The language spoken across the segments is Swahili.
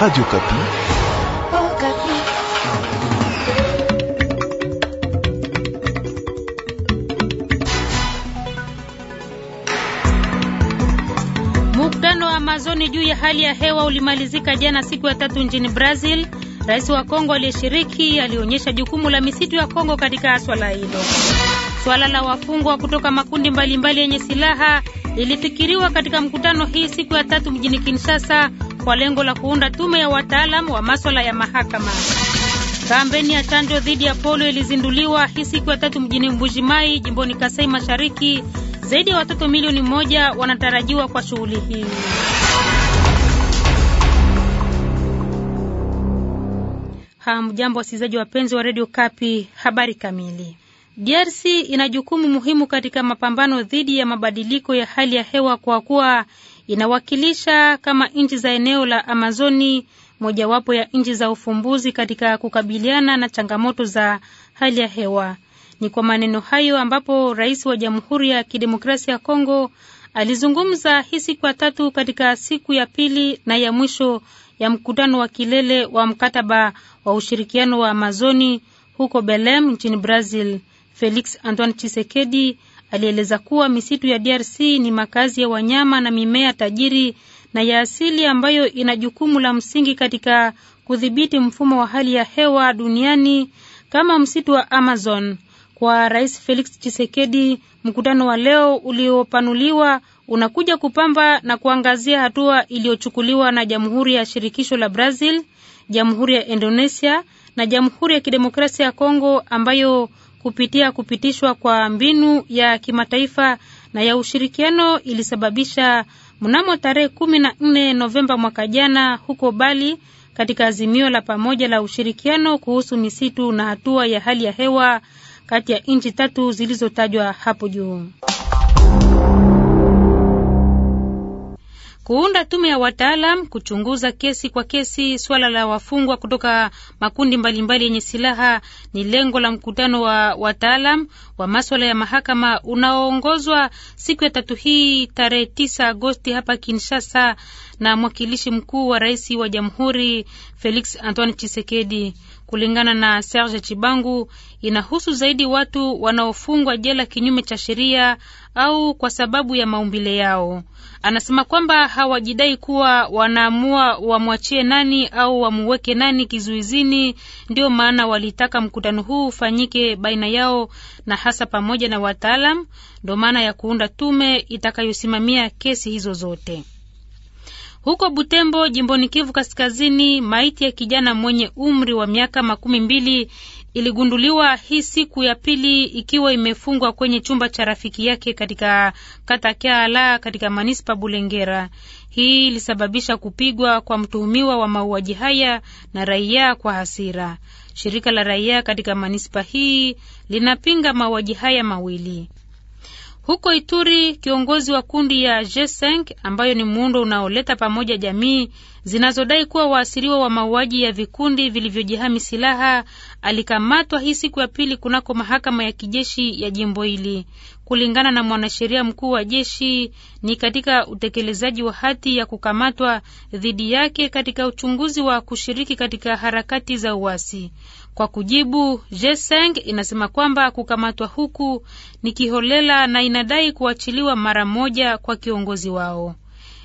Radio Kapi. Oh, Kapi. Mkutano wa Amazoni juu ya hali ya hewa ulimalizika jana siku ya tatu nchini Brazil. Rais wa Kongo aliyeshiriki alionyesha jukumu la misitu ya Kongo katika swala hilo. Swala la wafungwa kutoka makundi mbalimbali yenye mbali silaha lilifikiriwa katika mkutano hii siku ya tatu mjini Kinshasa kwa lengo la kuunda tume ya wataalamu wa maswala ya mahakama. Kampeni ya chanjo dhidi ya polio ilizinduliwa hii siku ya tatu mjini mbuji jimboni Kasai Mashariki. Zaidi ya watoto milioni moja wanatarajiwa kwa shughuli hii. Hamjambo wasikilizaji wapenzi wa redio Kapi, habari kamili. DRC ina jukumu muhimu katika mapambano dhidi ya mabadiliko ya hali ya hewa kwa kuwa inawakilisha kama nchi za eneo la Amazoni mojawapo ya nchi za ufumbuzi katika kukabiliana na changamoto za hali ya hewa. Ni kwa maneno hayo ambapo rais wa Jamhuri ya Kidemokrasia ya Kongo alizungumza hii siku ya tatu katika siku ya pili na ya mwisho ya mkutano wa kilele wa mkataba wa ushirikiano wa Amazoni huko Belem nchini Brazil. Felix Antoine chisekedi alieleza kuwa misitu ya DRC ni makazi ya wanyama na mimea tajiri na ya asili ambayo ina jukumu la msingi katika kudhibiti mfumo wa hali ya hewa duniani kama msitu wa Amazon. Kwa Rais Felix Tshisekedi, mkutano wa leo uliopanuliwa unakuja kupamba na kuangazia hatua iliyochukuliwa na Jamhuri ya Shirikisho la Brazil, Jamhuri ya Indonesia na Jamhuri ya Kidemokrasia ya Kongo ambayo kupitia kupitishwa kwa mbinu ya kimataifa na ya ushirikiano ilisababisha mnamo tarehe kumi na nne Novemba mwaka jana huko Bali katika azimio la pamoja la ushirikiano kuhusu misitu na hatua ya hali ya hewa kati ya nchi tatu zilizotajwa hapo juu. kuunda tume ya wataalam kuchunguza kesi kwa kesi swala la wafungwa kutoka makundi mbalimbali yenye mbali silaha ni lengo la mkutano wa wataalam wa maswala ya mahakama unaoongozwa siku ya tatu hii tarehe t Agosti hapa Kinshasa na mwakilishi mkuu wa rais wa jamhuri Felix Antoine chisekedi kulingana na Serge Chibangu, inahusu zaidi watu wanaofungwa jela kinyume cha sheria au kwa sababu ya maumbile yao. Anasema kwamba hawajidai kuwa wanaamua wamwachie nani au wamuweke nani kizuizini. Ndio maana walitaka mkutano huu ufanyike baina yao na hasa pamoja na wataalam, ndo maana ya kuunda tume itakayosimamia kesi hizo zote. Huko Butembo, jimboni Kivu Kaskazini, maiti ya kijana mwenye umri wa miaka makumi mbili iligunduliwa hii siku ya pili ikiwa imefungwa kwenye chumba cha rafiki yake katika kata Kyala katika manispa Bulengera. Hii ilisababisha kupigwa kwa mtuhumiwa wa mauaji haya na raia kwa hasira. Shirika la raia katika manispa hii linapinga mauaji haya mawili. Huko Ituri, kiongozi wa kundi ya G5 ambayo ni muundo unaoleta pamoja jamii zinazodai kuwa waasiriwa wa mauaji ya vikundi vilivyojihami silaha alikamatwa hii siku ya pili kunako mahakama ya kijeshi ya jimbo hili. Kulingana na mwanasheria mkuu wa jeshi, ni katika utekelezaji wa hati ya kukamatwa dhidi yake katika uchunguzi wa kushiriki katika harakati za uasi. Kwa kujibu, Jeseng inasema kwamba kukamatwa huku ni kiholela na inadai kuachiliwa mara moja kwa kiongozi wao.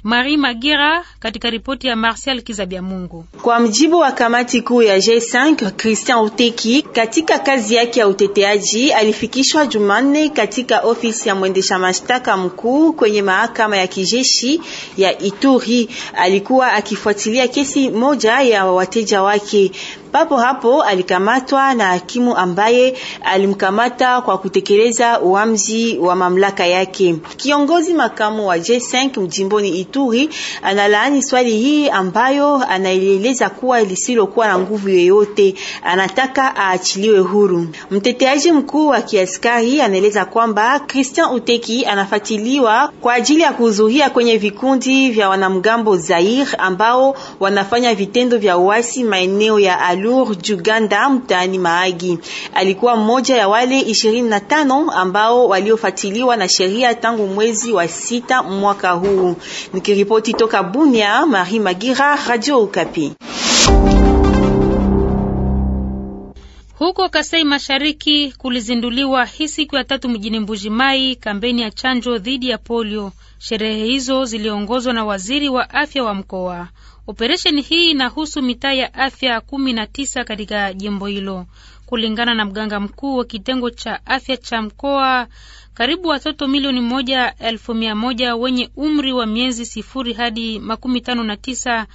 Marie Magira katika ripoti ya Martial Mungu. Kwa mjibu wa kamati kuu ya G5, Christian Uteki katika kazi yake ya uteteaji alifikishwa Jumanne katika ofisi ya mwendesha mashtaka mkuu kwenye mahakama ya kijeshi ya Ituri. Alikuwa akifuatilia kesi moja ya wateja wake. Papo hapo alikamatwa na hakimu ambaye alimkamata kwa kutekeleza uamzi wa mamlaka yake. Kiongozi makamu wa J5 mjimboni Ituri analaani swali hii ambayo anaeleza kuwa lisilokuwa na nguvu yoyote, anataka aachiliwe huru. Mteteaji mkuu wa kiaskari anaeleza kwamba Christian Uteki anafatiliwa kwa ajili ya kuzuhia kwenye vikundi vya wanamgambo Zair ambao wanafanya vitendo vya uasi maeneo ya Alur Juganda mtaani maagi Alikuwa mmoja ya wale ishirini na tano ambao waliofatiliwa na sheria tangu mwezi wa sita mwaka huu. Nikiripoti toka Bunia, Marie Magira, Radio Okapi. Huko Kasai Mashariki kulizinduliwa hii siku ya tatu mjini Mbujimai kampeni ya chanjo dhidi ya polio. Sherehe hizo ziliongozwa na waziri wa afya wa mkoa. Operesheni hii inahusu mitaa ya afya kumi na tisa katika jimbo hilo. Kulingana na mganga mkuu wa kitengo cha afya cha mkoa, karibu watoto milioni moja elfu mia moja wenye umri wa miezi sifuri hadi makumi tano na tisa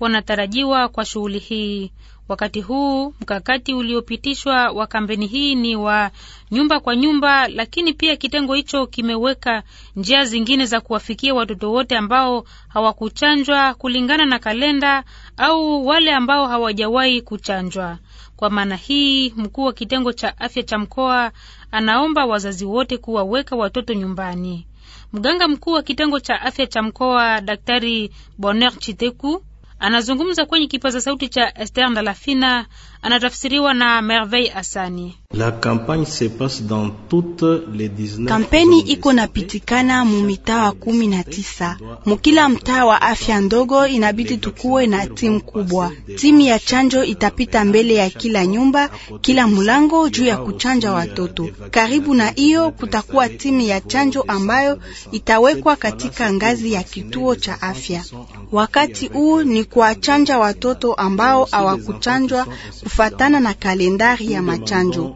wanatarajiwa kwa shughuli hii. Wakati huu mkakati uliopitishwa wa kampeni hii ni wa nyumba kwa nyumba, lakini pia kitengo hicho kimeweka njia zingine za kuwafikia watoto wote ambao hawakuchanjwa kulingana na kalenda au wale ambao hawajawahi kuchanjwa. Kwa maana hii, mkuu wa kitengo cha afya cha mkoa anaomba wazazi wote kuwaweka watoto nyumbani. Mganga mkuu wa kitengo cha afya cha mkoa Daktari Bonheur Chiteku Anazungumza kwenye kipaza sauti cha Esther Ndalafina, anatafsiriwa na Merveille Asani. La campagne se passe dans toutes les 19. Kampeni iko napitikana mumitaa kumi na tisa mukila mtaa wa afya ndogo. Inabidi tukuwe na timu kubwa. Timu ya chanjo itapita mbele ya kila nyumba, kila mulango juu ya kuchanja watoto. Karibu na hiyo kutakuwa timu ya chanjo ambayo itawekwa katika ngazi ya kituo cha afya. Wakati huu ni kuwachanja watoto ambao hawakuchanjwa kufatana na kalendari ya machanjo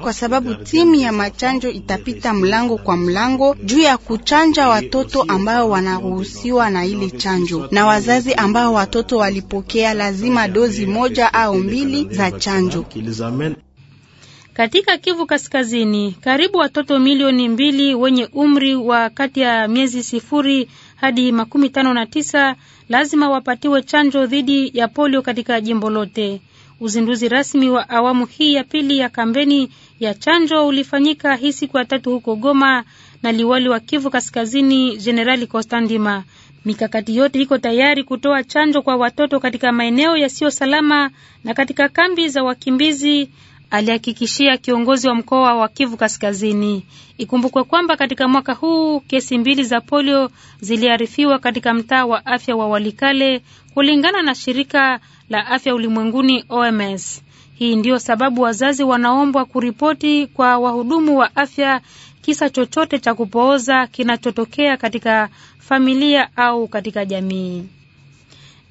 kwa sababu timu ya machanjo itapita mlango kwa mlango juu ya kuchanja watoto ambao wanaruhusiwa na ile chanjo, na wazazi ambao watoto walipokea lazima dozi moja au mbili za chanjo. Katika Kivu Kaskazini, karibu watoto milioni mbili wenye umri wa kati ya miezi sifuri hadi makumi tano na tisa lazima wapatiwe chanjo dhidi ya polio katika jimbo lote. Uzinduzi rasmi wa awamu hii ya pili ya kampeni ya chanjo ulifanyika hii siku ya tatu huko Goma na liwali wa Kivu Kaskazini, Jenerali Kostandima. Mikakati yote iko tayari kutoa chanjo kwa watoto katika maeneo yasiyo salama na katika kambi za wakimbizi alihakikishia kiongozi wa mkoa wa Kivu Kaskazini. Ikumbukwe kwamba katika mwaka huu kesi mbili za polio ziliarifiwa katika mtaa wa afya wa Walikale kulingana na shirika la afya ulimwenguni OMS. Hii ndiyo sababu wazazi wanaombwa kuripoti kwa wahudumu wa afya kisa chochote cha kupooza kinachotokea katika familia au katika jamii.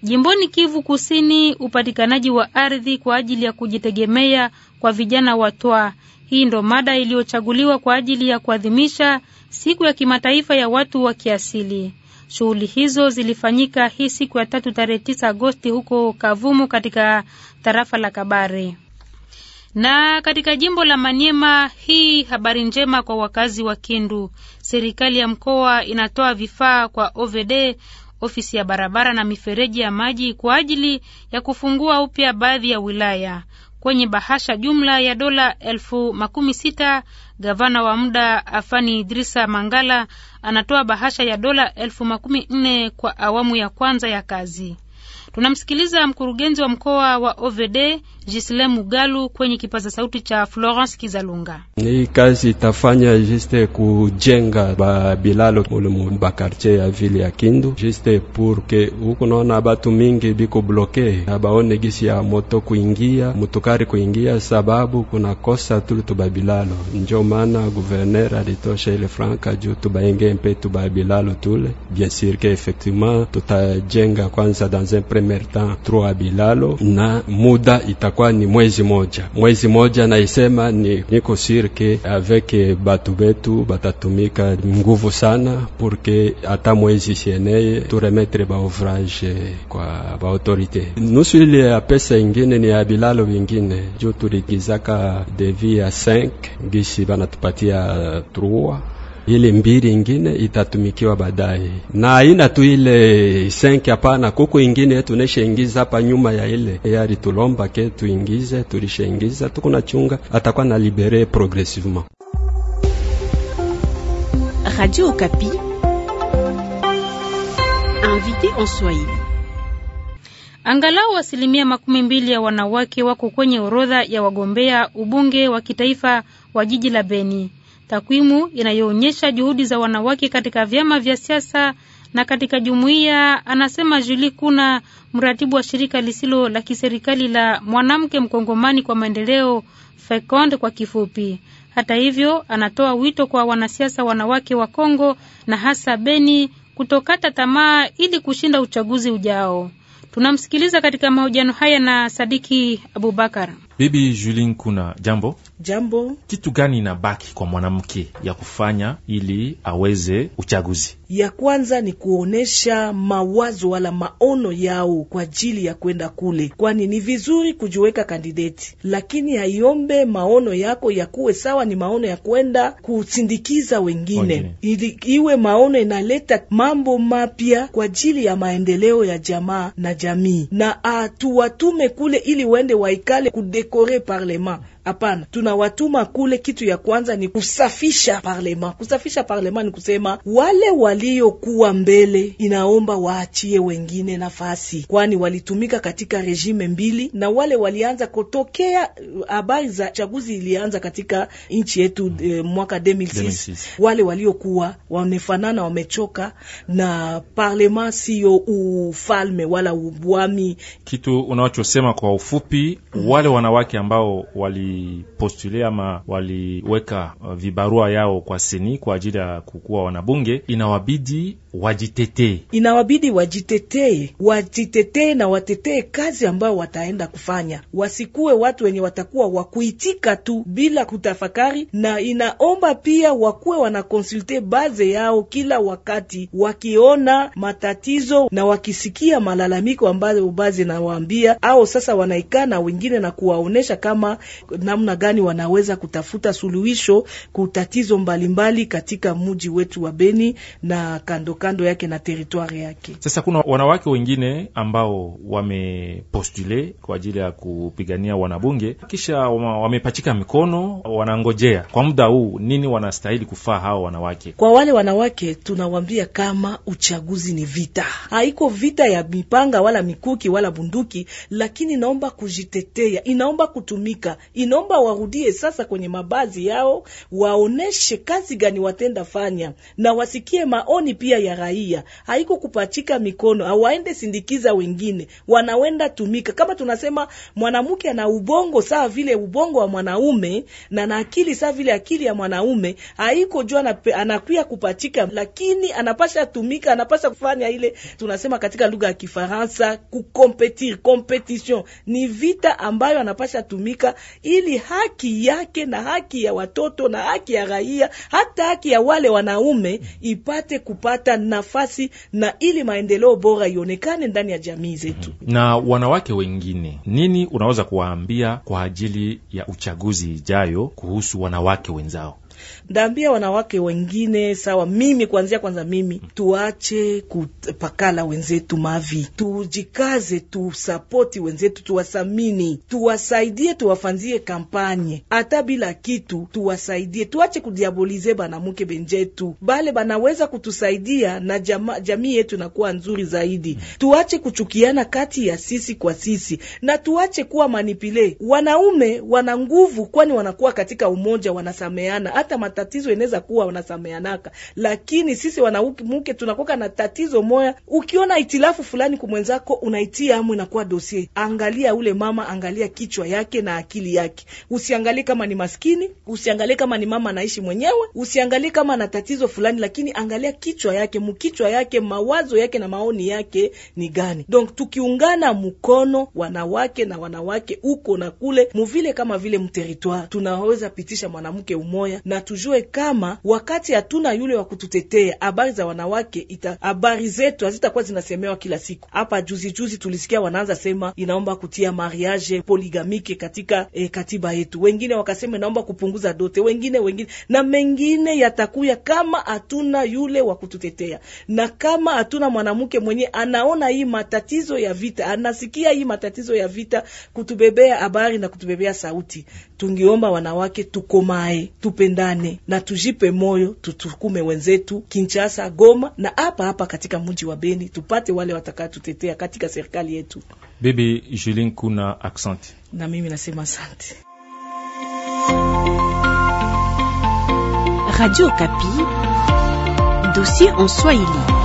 Jimboni Kivu Kusini, upatikanaji wa ardhi kwa ajili ya kujitegemea kwa vijana wa Twa. Hii ndo mada iliyochaguliwa kwa ajili ya kuadhimisha siku ya kimataifa ya watu wa kiasili. Shughuli hizo zilifanyika hii siku ya tatu tarehe tisa Agosti huko Kavumu katika tarafa la Kabare. Na katika jimbo la Maniema, hii habari njema kwa wakazi wa Kindu. Serikali ya mkoa inatoa vifaa kwa OVD, ofisi ya barabara na mifereji ya maji kwa ajili ya kufungua upya baadhi ya wilaya kwenye bahasha jumla ya dola elfu makumi sita. Gavana wa muda Afani Idrisa Mangala anatoa bahasha ya dola elfu makumi nne kwa awamu ya kwanza ya kazi. Tunamsikiliza mkurugenzi wa mkoa wa OVD Gisle Mugalu kwenye kipaza sauti cha Florence Kizalunga. Hii kazi itafanya juste kujenga babilalo ulimu bakartier ya vile ya Kindu, juste pour huku naona batu mingi biko bloke abaone gisi ya moto kuingia mutukari kuingia, sababu kuna kosa tuli tubabilalo. Njo maana guverner alitosha ile franka juu tubaenge mpe tubabilalo tule. Bien sir que effectivement tutajenga kwanza dans un premier temps trois bilalo na muda itakuwa ni mwezi moja, mwezi moja. Naisema ni niko sirke avec batu betu batatumika nguvu sana, porque ata mwezi sieneye turemetre ba kwa baautorité autorite. Nusu ile ya pesa ingine ni ya bilalo vingine, juu tuligizaka devi ya 5 gisi banatupatia 3 ile mbili ingine itatumikiwa baadaye, na aina tu ile senke hapana. Kuku ingine tunaishaingiza hapa nyuma ya ile yari tulomba ke tuingize, tulishaingiza tukuna chunga, atakuwa na libere progressivement. Radio Okapi invité en Swahili. Angalau asilimia makumi mbili ya wanawake wako kwenye orodha ya wagombea ubunge wa kitaifa wa jiji la Beni takwimu inayoonyesha juhudi za wanawake katika vyama vya siasa na katika jumuiya, anasema juli Kuna, mratibu wa shirika lisilo la kiserikali la mwanamke mkongomani kwa maendeleo FECOND kwa kifupi. Hata hivyo, anatoa wito kwa wanasiasa wanawake wa Kongo na hasa Beni kutokata tamaa ili kushinda uchaguzi ujao. Tunamsikiliza katika mahojiano haya na Sadiki Abubakar. Bibi Julin Kuna, jambo. Jambo, kitu gani inabaki kwa mwanamke ya kufanya ili aweze uchaguzi? Ya kwanza ni kuonyesha mawazo wala maono yao kwa ajili ya kwenda kule, kwani ni vizuri kujiweka kandideti, lakini haiombe maono yako yakuwe sawa, ni maono ya kwenda kusindikiza wengine, ili iwe maono inaleta mambo mapya kwa ajili ya maendeleo ya jamaa na jamii, na atuwatume kule ili waende waikale kudekore parlement Hapana, tunawatuma kule, kitu ya kwanza ni kusafisha parlema. Kusafisha parlema ni kusema wale waliokuwa mbele inaomba waachie wengine nafasi, kwani walitumika katika rejime mbili, na wale walianza kutokea eh, habari za chaguzi ilianza katika nchi yetu e, mwaka 2006 wale waliokuwa wamefanana wamechoka na parlema, sio ufalme wala ubwami. Kitu unachosema kwa ufupi, wale wanawake ambao wali walipostule ama waliweka uh, vibarua yao kwa seni kwa ajili ya kukuwa wanabunge, inawabidi wajitetee, inawabidi wajitetee, wajitetee na watetee kazi ambayo wataenda kufanya, wasikuwe watu wenye watakuwa wakuitika tu bila kutafakari, na inaomba pia wakuwe wanakonsulte baze yao kila wakati, wakiona matatizo na wakisikia malalamiko ambayo baze nawaambia, au sasa wanaikaa na wengine na kuwaonesha kama namna gani wanaweza kutafuta suluhisho kutatizo mbalimbali katika mji wetu wa Beni na kando kando yake na teritwari yake. Sasa kuna wanawake wengine ambao wamepostule kwa ajili ya kupigania wanabunge, kisha wamepachika mikono, wanangojea kwa muda huu nini wanastahili kufaa hao wanawake. Kwa wale wanawake tunawambia kama uchaguzi ni vita, haiko vita ya mipanga wala mikuki wala bunduki, lakini naomba kujitetea, inaomba kutumika, ina ninaomba warudie sasa kwenye mabazi yao, waoneshe kazi gani watenda fanya na wasikie maoni pia ya raia. Haiko kupachika mikono, awaende sindikiza wengine, wanawenda tumika. Kama tunasema mwanamke ana ubongo sawa vile ubongo wa mwanaume na na akili sawa vile akili ya mwanaume, haiko jua anakuya kupachika, lakini anapasha tumika, anapasha kufanya ile tunasema katika lugha ya Kifaransa kukompetir, competition ni vita ambayo anapasha tumika ili ili haki yake na haki ya watoto na haki ya raia, hata haki ya wale wanaume ipate kupata nafasi na ili maendeleo bora ionekane ndani ya jamii zetu. Na wanawake wengine, nini unaweza kuwaambia kwa ajili ya uchaguzi ijayo kuhusu wanawake wenzao? Ndaambia wanawake wengine sawa, mimi kuanzia kwanza, mimi tuache kupakala wenzetu mavi, tujikaze, tusapoti wenzetu, tuwasamini, tuwasaidie, tuwafanzie kampanye hata bila kitu, tuwasaidie, tuache kudiabolize banamuke benjetu bale banaweza kutusaidia na jama, jamii yetu inakuwa nzuri zaidi. Tuache kuchukiana kati ya sisi kwa sisi na tuache kuwa manipile. Wanaume wana nguvu, kwani wanakuwa katika umoja, wanasameana hata matatizo inaweza kuwa wanasameanaka, lakini sisi wanamke tunakoka na tatizo moya. Ukiona itilafu fulani kumwenzako, unaitia amu inakuwa dosie. Angalia ule mama, angalia kichwa yake na akili yake, usiangalie kama ni maskini, usiangalie kama ni mama anaishi mwenyewe, usiangalie kama na tatizo fulani, lakini angalia kichwa yake, mkichwa yake, mawazo yake na maoni yake ni gani? Donc tukiungana mkono wanawake na wanawake huko na kule muvile kama vile mteritwari, tunaweza pitisha mwanamke umoya na tujue kama wakati hatuna yule wa kututetea, habari za wanawake, habari zetu hazitakuwa zinasemewa kila siku. Hapa juzi juzi tulisikia wanaanza sema inaomba kutia mariage poligamike katika e, katiba yetu, wengine wakasema inaomba kupunguza dote, wengine wengine na mengine yatakuya kama hatuna yule wa kututetea, na kama hatuna mwanamke mwenye anaona hii matatizo ya vita, anasikia hii matatizo ya vita, kutubebea habari na kutubebea sauti. Tungiomba wanawake tukomae, tupenda tupendane na tujipe moyo, tutukume wenzetu Kinshasa, Goma na hapa hapa katika mji wa Beni, tupate wale watakaotutetea katika serikali yetu. Bibi Julin, kuna aksanti na mimi nasema asante. Radio Kapi, dossier en Swahili.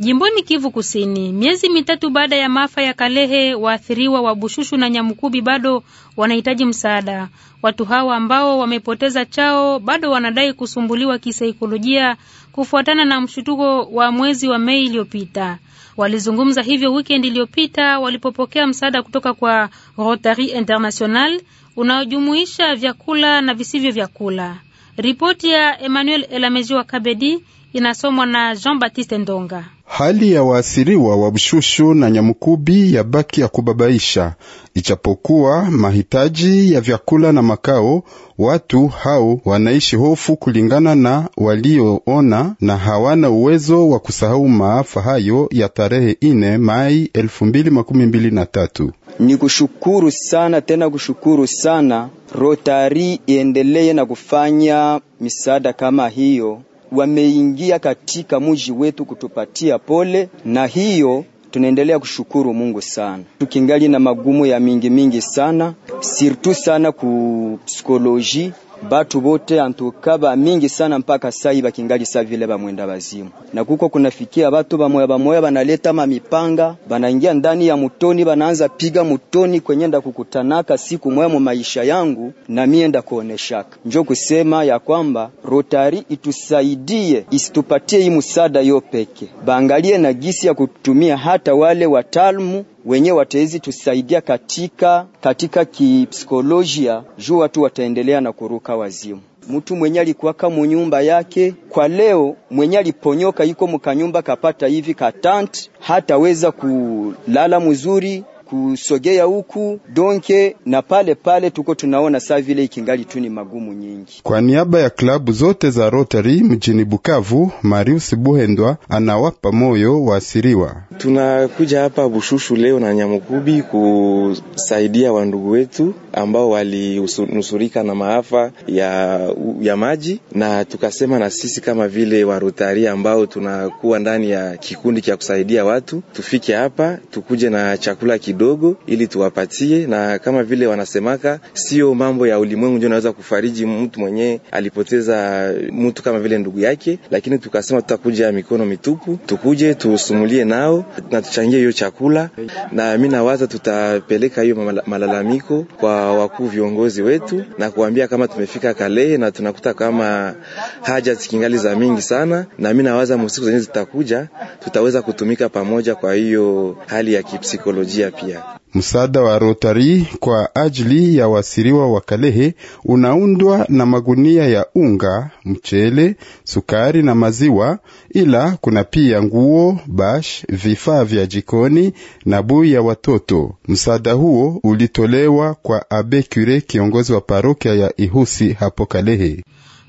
Jimboni Kivu Kusini, miezi mitatu baada ya maafa ya Kalehe, waathiriwa wa Bushushu na Nyamukubi bado wanahitaji msaada. Watu hawa ambao wamepoteza chao bado wanadai kusumbuliwa kisaikolojia kufuatana na mshutuko wa mwezi wa Mei iliyopita. Walizungumza hivyo wikendi iliyopita walipopokea msaada kutoka kwa Rotary International unaojumuisha vyakula na visivyo vyakula. Ripoti ya Emmanuel Elamejiwa Kabedi inasomwa na Jean Baptiste Ndonga. Hali ya waasiriwa wa Bushushu na Nyamukubi ya baki ya kubabaisha, ichapokuwa mahitaji ya vyakula na makao, watu hao wanaishi hofu kulingana na walioona, na hawana uwezo wa kusahau maafa hayo ya tarehe ine Mai elfu mbili makumi mbili na tatu. Ni kushukuru sana tena kushukuru sana Rotari iendeleye na kufanya misaada kama hiyo wameingia katika mji wetu kutupatia pole, na hiyo tunaendelea kushukuru Mungu sana. Tukingali na magumu ya mingi mingi sana, sirtu sana ku psikoloji batu bote antuka ba mingi sana mpaka sai bakingali sa vile ba mwenda bazimu, na kuko kunafikia batu bamoya bamoya banaleta mipanga banaingia ndani ya mutoni banaanza piga mutoni kwenye nda kukutanaka siku moya mu maisha yangu na mie nda kuoneshaka, njo kusema ya kwamba Rotari itusaidie isitupatie hii musada yo peke, baangalie na gisi ya kutumia hata wale watalmu wenyewe watezi tusaidia katika, katika kipsikolojia juu watu wataendelea na kuruka wazimu. Mtu mwenye alikuwaka munyumba yake kwa leo, mwenye aliponyoka iko mukanyumba kapata hivi katant, hataweza kulala mzuri, kusogea huku donke na pale pale, tuko tunaona saa vile ikingali tu ni magumu nyingi. Kwa niaba ya klabu zote za Rotary mjini Bukavu, Marius Buhendwa anawapa moyo waasiriwa. Tunakuja hapa Bushushu leo na Nyamukubi kusaidia wandugu wetu ambao walinusurika na maafa ya, ya maji, na tukasema na sisi kama vile Rotary ambao tunakuwa ndani ya kikundi cha kusaidia watu tufike hapa tukuje na chakula kidogo kidogo ili tuwapatie, na kama vile wanasemaka, sio mambo ya ulimwengu ndio naweza kufariji mtu mwenye alipoteza mtu kama vile ndugu yake, lakini tukasema tutakuja mikono mitupu, tukuje tusumulie nao na tuchangie hiyo chakula, na mimi nawaza tutapeleka hiyo malalamiko kwa wakuu viongozi wetu na kuambia kama tumefika Kalehe na tunakuta kama haja zikingali za mingi sana, na mimi nawaza msiku zenyewe zitakuja tutaweza kutumika pamoja kwa hiyo hali ya kipsikolojia pia moja. Msaada wa Rotari kwa ajili ya wasiriwa wa Kalehe unaundwa na magunia ya unga, mchele, sukari na maziwa, ila kuna pia nguo, bash, vifaa vya jikoni na bui ya watoto. Msaada huo ulitolewa kwa Abe Cure, kiongozi wa parokia ya Ihusi hapo Kalehe.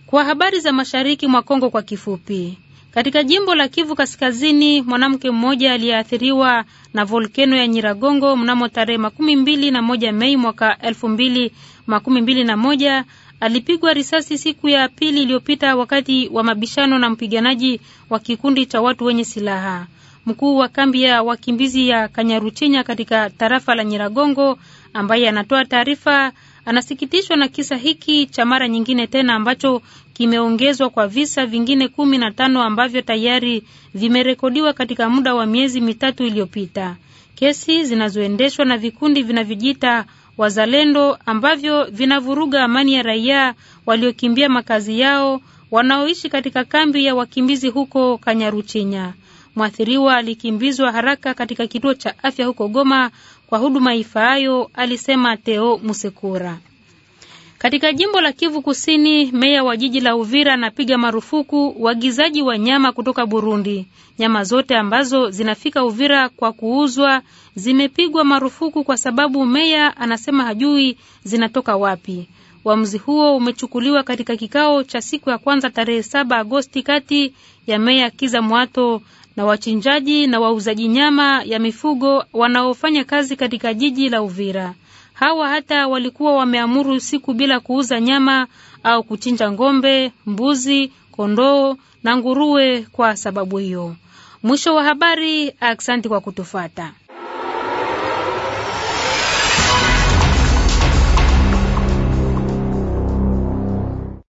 Kwa habari za mashariki mwa Kongo kwa kifupi katika jimbo la Kivu Kaskazini, mwanamke mmoja aliyeathiriwa na volkeno ya Nyiragongo mnamo tarehe makumi mbili na moja Mei mwaka elfu mbili makumi mbili na moja alipigwa risasi siku ya pili iliyopita wakati wa mabishano na mpiganaji wa kikundi cha watu wenye silaha. Mkuu wa kambi ya wakimbizi ya Kanyaruchinya katika tarafa la Nyiragongo, ambaye anatoa taarifa Anasikitishwa na kisa hiki cha mara nyingine tena ambacho kimeongezwa kwa visa vingine kumi na tano ambavyo tayari vimerekodiwa katika muda wa miezi mitatu iliyopita. Kesi zinazoendeshwa na vikundi vinavyojiita wazalendo ambavyo vinavuruga amani ya raia waliokimbia makazi yao wanaoishi katika kambi ya wakimbizi huko Kanyaruchinya. Mwathiriwa alikimbizwa haraka katika kituo cha afya huko Goma kwa huduma ifaayo, alisema teo Musekura. Katika jimbo la Kivu Kusini, meya wa jiji la Uvira anapiga marufuku uagizaji wa nyama kutoka Burundi. Nyama zote ambazo zinafika Uvira kwa kuuzwa zimepigwa marufuku kwa sababu meya anasema hajui zinatoka wapi. Uamuzi huo umechukuliwa katika kikao cha siku ya kwanza tarehe 7 Agosti kati ya meya Kiza Mwato na wachinjaji na wauzaji nyama ya mifugo wanaofanya kazi katika jiji la Uvira. Hawa hata walikuwa wameamuru siku bila kuuza nyama au kuchinja ng'ombe, mbuzi, kondoo na nguruwe kwa sababu hiyo. Mwisho wa habari. Asante kwa kutufata.